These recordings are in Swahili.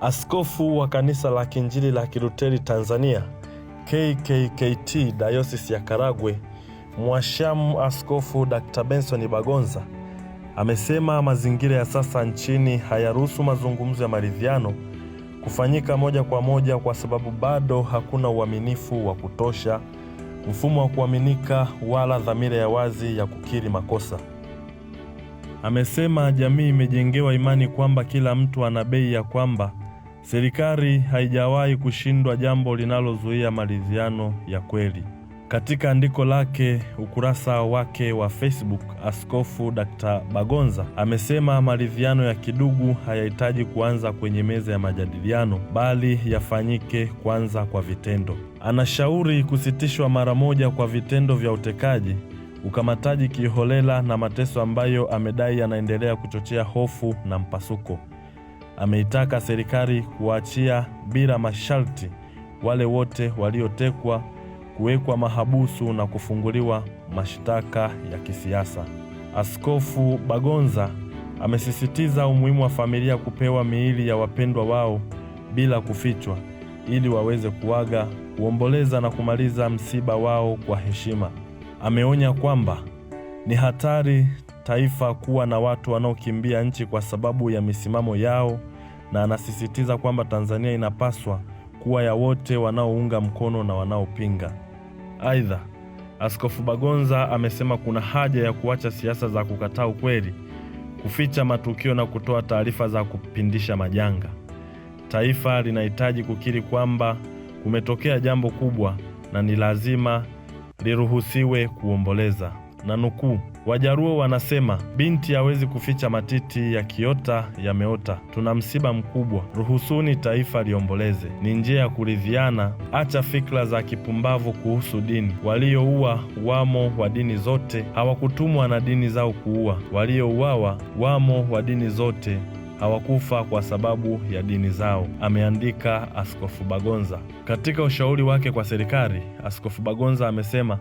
Askofu wa Kanisa la Kiinjili la Kiluteri Tanzania KKKT Dayosisi ya Karagwe, Mwashamu Askofu Dr. Benson Bagonza amesema mazingira ya sasa nchini hayaruhusu mazungumzo ya maridhiano kufanyika moja kwa moja kwa sababu bado hakuna uaminifu wa kutosha, mfumo wa kuaminika, wala dhamira ya wazi ya kukiri makosa. Amesema jamii imejengewa imani kwamba kila mtu ana bei ya kwamba Serikali haijawahi kushindwa jambo linalozuia maridhiano ya kweli. Katika andiko lake ukurasa wake wa Facebook, Askofu Dr. Bagonza amesema maridhiano ya kidugu hayahitaji kuanza kwenye meza ya majadiliano bali yafanyike kwanza kwa vitendo. Anashauri kusitishwa mara moja kwa vitendo vya utekaji, ukamataji kiholela na mateso ambayo amedai yanaendelea kuchochea hofu na mpasuko ameitaka serikali kuwaachia bila masharti wale wote waliotekwa, kuwekwa mahabusu na kufunguliwa mashtaka ya kisiasa. Askofu Bagonza amesisitiza umuhimu wa familia kupewa miili ya wapendwa wao bila kufichwa ili waweze kuaga, kuomboleza na kumaliza msiba wao kwa heshima. Ameonya kwamba ni hatari taifa kuwa na watu wanaokimbia nchi kwa sababu ya misimamo yao na anasisitiza kwamba Tanzania inapaswa kuwa ya wote wanaounga mkono na wanaopinga. Aidha, Askofu Bagonza amesema kuna haja ya kuacha siasa za kukataa ukweli, kuficha matukio na kutoa taarifa za kupindisha majanga. Taifa linahitaji kukiri kwamba kumetokea jambo kubwa na ni lazima liruhusiwe kuomboleza na nukuu, Wajaruo wanasema binti hawezi kuficha matiti yakiota yameota. Tuna msiba mkubwa, ruhusuni taifa liomboleze. Ni njia ya kuridhiana. Acha fikra za kipumbavu kuhusu dini. Walioua wamo wa dini zote, hawakutumwa na dini zao kuua. Waliouawa wamo wa dini zote hawakufa kwa sababu ya dini zao, ameandika Askofu Bagonza. Katika ushauri wake kwa serikali, Askofu Bagonza amesema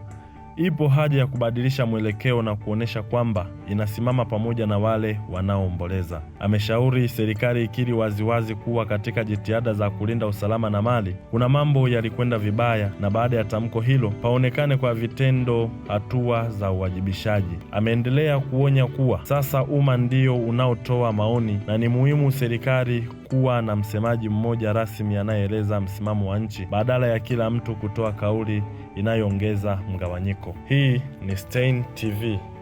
Ipo haja ya kubadilisha mwelekeo na kuonesha kwamba inasimama pamoja na wale wanaoomboleza. Ameshauri serikali ikiri waziwazi kuwa katika jitihada za kulinda usalama na mali, kuna mambo yalikwenda vibaya, na baada ya tamko hilo paonekane kwa vitendo hatua za uwajibishaji. Ameendelea kuonya kuwa sasa umma ndio unaotoa maoni na ni muhimu serikali kuwa na msemaji mmoja rasmi anayeeleza msimamo wa nchi badala ya kila mtu kutoa kauli inayoongeza mgawanyiko yako. Hii ni Stein TV.